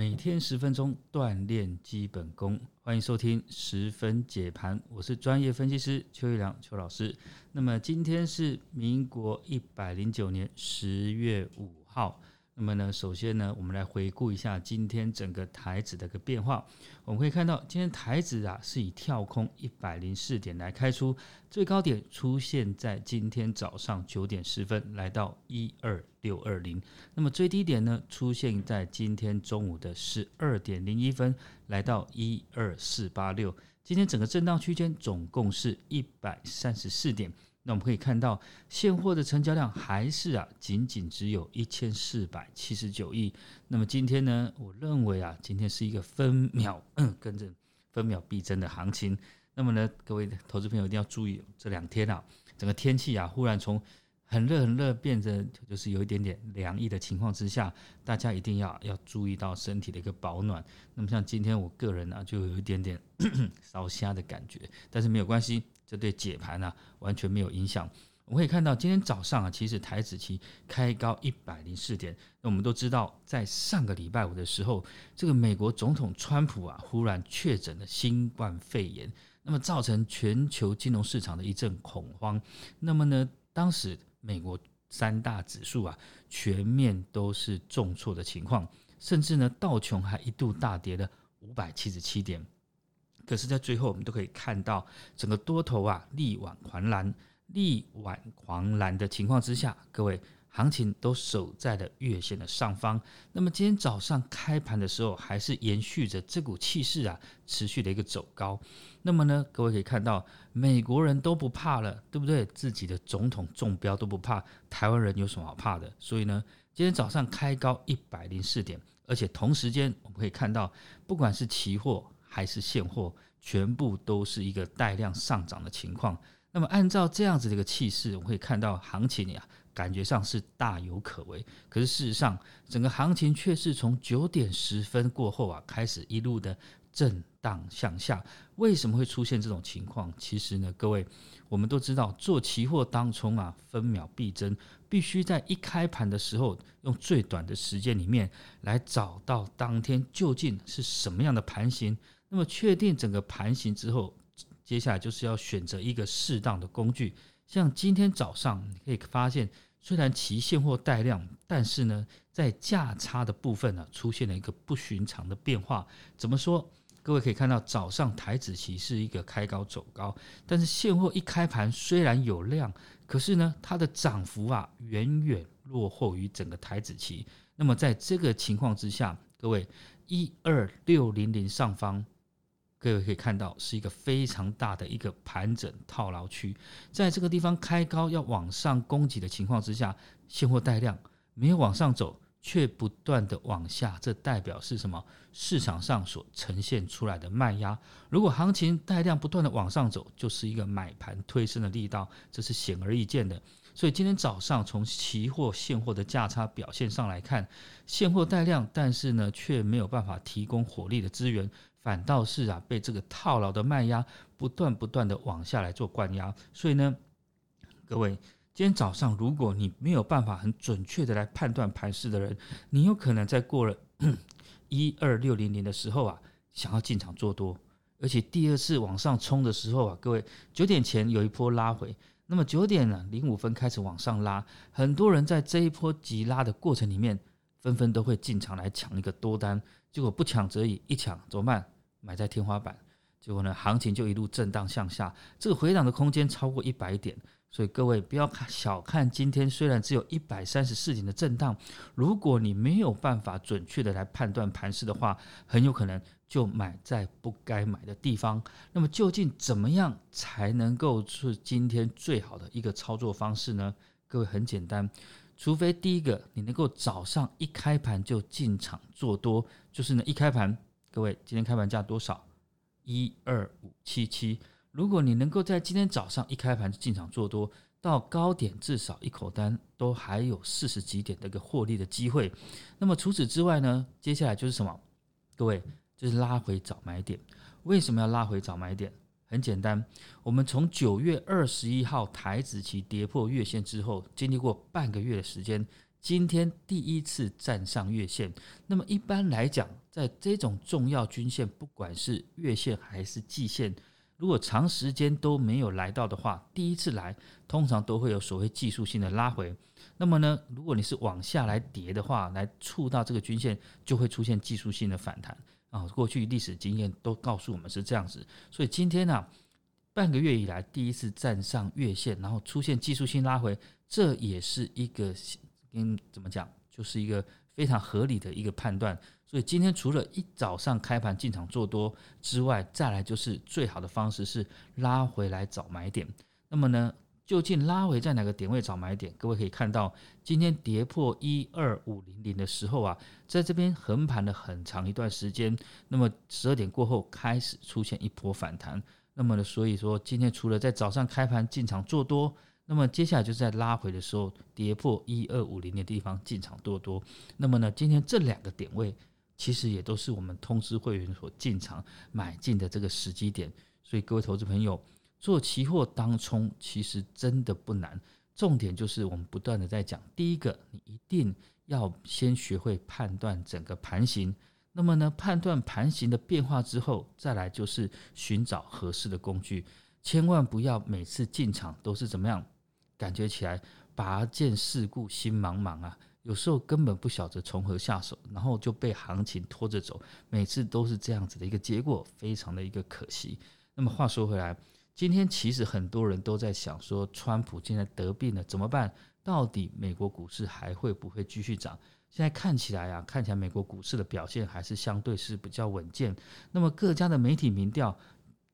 每天十分鐘鍛鍊基本功，歡迎收聽十分解盤。我是專業分析師邱玉良邱老師。那麼今天是民國一百零九年十月五號。那麼呢，首先呢，我們來回顧一下今天整個台指的一個變化。我們可以看到，今天台指啊是以跳空一百零四點來開出，最高點出現在今天早上九點十分，來到一二六二零。那麼最低點呢，出現在今天中午的十二點零一分，來到一二四八六。今天整個震盪區間總共是一百三十四點。那我們可以看到，現貨的成交量還是啊，僅僅只有一千四百七十九億。那麼今天呢，我認為啊，今天是一個分秒跟着分秒必爭的行情。那麼呢，各位投資朋友一定要注意，這兩天啊，整個天氣啊，忽然從很熱很熱變成就是有一點點涼意的情況之下，大家一定要要注意到身體的一個保暖。那麼像今天我個人呢、啊，就有一點點燒蝦的感覺，但是沒有關係。這對解盤啊完全沒有影響。我們可以看到，今天早上啊，其實台指期開高一百零四點。那我們都知道，在上個禮拜五的時候，這個美國總統川普啊，忽然確診了新冠肺炎，那麼造成全球金融市場的一陣恐慌。那麼呢，當時美國三大指數啊，全面都是重挫的情況，甚至呢，道瓊還一度大跌了五百七十七點。可是，在最後，我們都可以看到，整個多頭啊力挽狂瀾、力挽狂瀾的情況之下，各位行情都守在了月線的上方。那麼，今天早上開盤的時候，還是延續着這股氣勢啊，持續的一個走高。那麼呢，各位可以看到，美國人都不怕了，對不對？自己的總統中標都不怕，台灣人有什麼好怕的？所以呢，今天早上開高一百零四點，而且同時間我們可以看到，不管是期貨。還是現貨，全部都是一個帶量上漲的情況。那麼，按照這樣子的一個氣勢，我們可以看到行情呀、啊，感覺上是大有可為。可是，事實上，整個行情卻是從九點十分過後啊，開始一路的震盪向下。為什麼會出現這種情況？其實呢，各位，我們都知道，做期貨當沖啊，分秒必爭，必須在一開盤的時候用最短的時間裡面來找到當天究竟是什麼樣的盤型。那麼確定整個盤型之後，接下來就是要選擇一個適當的工具。像今天早上，你可以發現，雖然期現貨帶量，但是呢，在價差的部分呢、啊，出現了一個不尋常的變化。怎麼說？各位可以看到，早上台指期是一個開高走高，但是現貨一開盤雖然有量，可是呢，它的漲幅啊，遠遠落後於整個台指期。那麼在這個情況之下，各位，一二六零零上方。各位可以看到，是一個非常大的一個盤整套牢區，在這個地方開高要往上攻擊的情況之下，現貨帶量沒有往上走，卻不斷的往下，這代表是什麼？市場上所呈現出來的賣壓。如果行情帶量不斷的往上走，就是一個買盤推升的力道，這是顯而易見的。所以今天早上從期貨現貨的價差表現上來看，現貨帶量，但是呢，卻沒有辦法提供火力的資源，反倒是啊，被這個套牢的賣壓不斷不斷地往下來做灌壓。所以呢，各位今天早上如果你沒有辦法很準確的來判斷盤勢的人，你有可能在過了一二六零零的時候啊，想要進場做多，而且第二次往上衝的時候啊，各位九點前有一波拉回。那麼九點呢，零五分開始往上拉，很多人在這一波急拉的過程裡面，紛紛都會進場來搶一個多單，結果不搶則已，一搶怎麼辦？買在天花板，結果呢，行情就一路震盪向下，這個回檔的空間超過一百點，所以各位不要看小看今天，雖然只有一百三十四點的震盪，如果你沒有辦法準確的來判斷盤勢的話，很有可能。就買在不該買的地方，那麼究竟怎麼樣才能夠是今天最好的一個操作方式呢？各位很簡單，除非第一個你能夠早上一開盤就進場做多，就是呢一開盤，各位今天開盤價多少？一二五七七。如果你能夠在今天早上一開盤進場做多，到高點至少一口單都還有四十幾點的一個獲利的機會。那麼除此之外呢，接下來就是什麼？各位。就是拉回找買點，為什麼要拉回找買點？很簡單，我們從九月二十一號台指期跌破月線之後，經歷過半個月的時間，今天第一次站上月線。那麼一般來講，在這種重要均線，不管是月線還是季線，如果長時間都沒有來到的話，第一次來通常都會有所謂技術性的拉回。那麼呢，如果你是往下來跌的話，來觸到這個均線，就會出現技術性的反彈。啊，過去歷史經驗都告訴我們是這樣子，所以今天呢，啊，半個月以來第一次站上月線，然後出現技術性拉回，這也是一個跟怎麼講，就是一個非常合理的一個判斷。所以今天除了一早上開盤進場做多之外，再來就是最好的方式是拉回來找買點。那麼呢，究竟拉回在哪個點位找買點？各位可以看到，今天跌破一二五零零的時候啊，在這邊橫盤了很長一段時間。那麼十二點過後開始出現一波反彈。那麼呢，所以說今天除了在早上開盤進場做多，那麼接下來就是在拉回的時候跌破一二五零的地方進場做多。那麼呢，今天這兩個點位其實也都是我們通知會員所進場買進的這個時機點。所以各位投資朋友。做期貨當沖其實真的不難，重點就是我們不斷的在講，第一個，你一定要先學會判斷整個盤形。那麼呢，判斷盤形的變化之後，再來就是尋找合適的工具，千萬不要每次進場都是怎麼樣，感覺起來拔劍四顧心茫茫啊，有時候根本不曉得從何下手，然後就被行情拖着走，每次都是這樣子的一個結果，非常的一個可惜。那麼話說回來。今天其實很多人都在想說，川普現在得病了怎麼辦？到底美國股市還會不會繼續漲？現在看起來啊，看起來美國股市的表現還是相對是比較穩健。那麼各家的媒體民調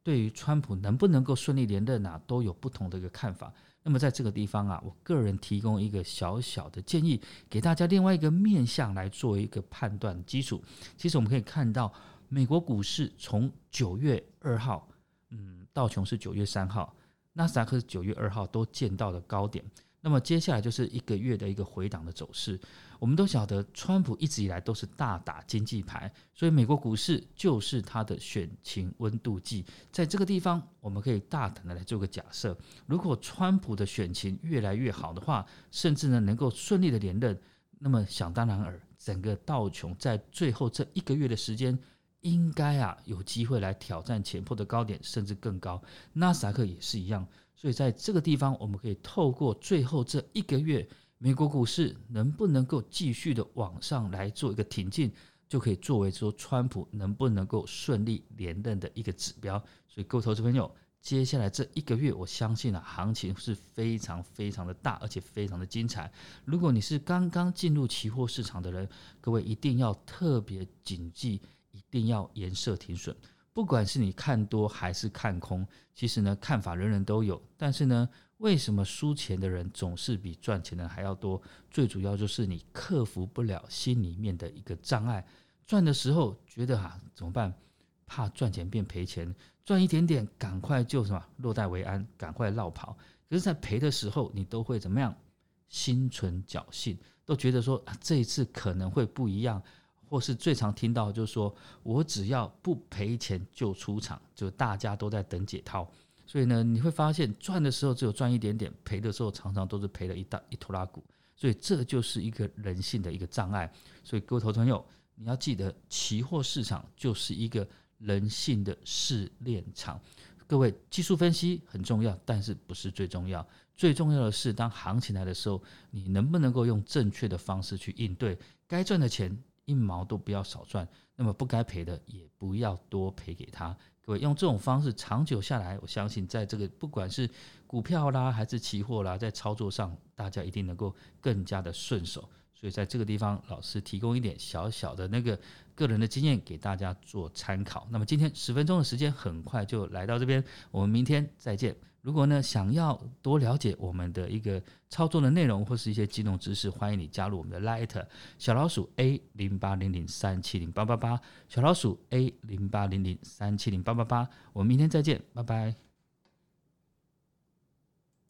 對於川普能不能夠順利連任啊，都有不同的一個看法。那麼在這個地方啊，我個人提供一個小小的建議，給大家另外一個面向來做一個判斷基礎。其實我們可以看到，美國股市從九月二號，嗯。道瓊是九月三號，納斯達克是九月二號都見到了高點。那麼接下來就是一個月的一個回檔的走勢。我們都曉得，川普一直以來都是大打經濟牌，所以美國股市就是他的選情溫度計。在這個地方，我們可以大膽的來做個假設：如果川普的選情越來越好的話，甚至呢能夠順利的連任，那麼想當然耳，整個道瓊在最後這一個月的時間。應該啊，有機會來挑戰前波的高點，甚至更高。納斯達克也是一樣，所以在這個地方，我們可以透過最後這一個月，美國股市能不能夠繼續的往上來做一個挺進，就可以作為說川普能不能夠順利連任的一個指標。所以，各位投資朋友，接下來這一個月，我相信啊，行情是非常非常的大，而且非常的精彩。如果你是剛剛進入期貨市場的人，各位一定要特別謹記。一定要嚴設停損，不管是你看多還是看空，其實呢，看法人人都有。但是呢，為什麼輸錢的人總是比賺錢的還要多？最主要就是你克服不了心裡面的一個障礙。賺的時候覺得哈、啊、怎麼辦？怕賺錢變賠錢，賺一點點趕快就什麼落袋為安，趕快落跑。可是，在賠的時候，你都會怎麼樣？心存僥倖，都覺得說、啊、這一次可能會不一樣。或是最常聽到就是說，我只要不賠錢就出場，就大家都在等解套，所以呢，你會發現，賺的時候只有賺一點點，賠的時候常常都是賠了一大一拖拉庫，所以這就是一個人性的一個障礙。所以，各位投資朋友，你要記得，期貨市場就是一個人性的試煉場。各位技術分析很重要，但是不是最重要，最重要的是當行情來的時候，你能不能夠用正確的方式去應對，該賺的錢，一毛都不要少賺，那麼不該賠的也不要多賠給他。各位用這種方式長久下來，我相信在這個不管是股票啦還是期貨啦，在操作上大家一定能夠更加的順手。所以在這個地方，老師提供一點小小的那個個人的經驗給大家做參考。那麼今天十分鐘的時間很快就來到這邊，我們明天再見。如果呢，想要多了解我們的一個操作的內容或是一些機動知識，歡迎你加入我們的 Line 小老鼠 A 零八零零三七零八八八，小老鼠 A 零八零零三七零八八八。我們明天再見，拜拜。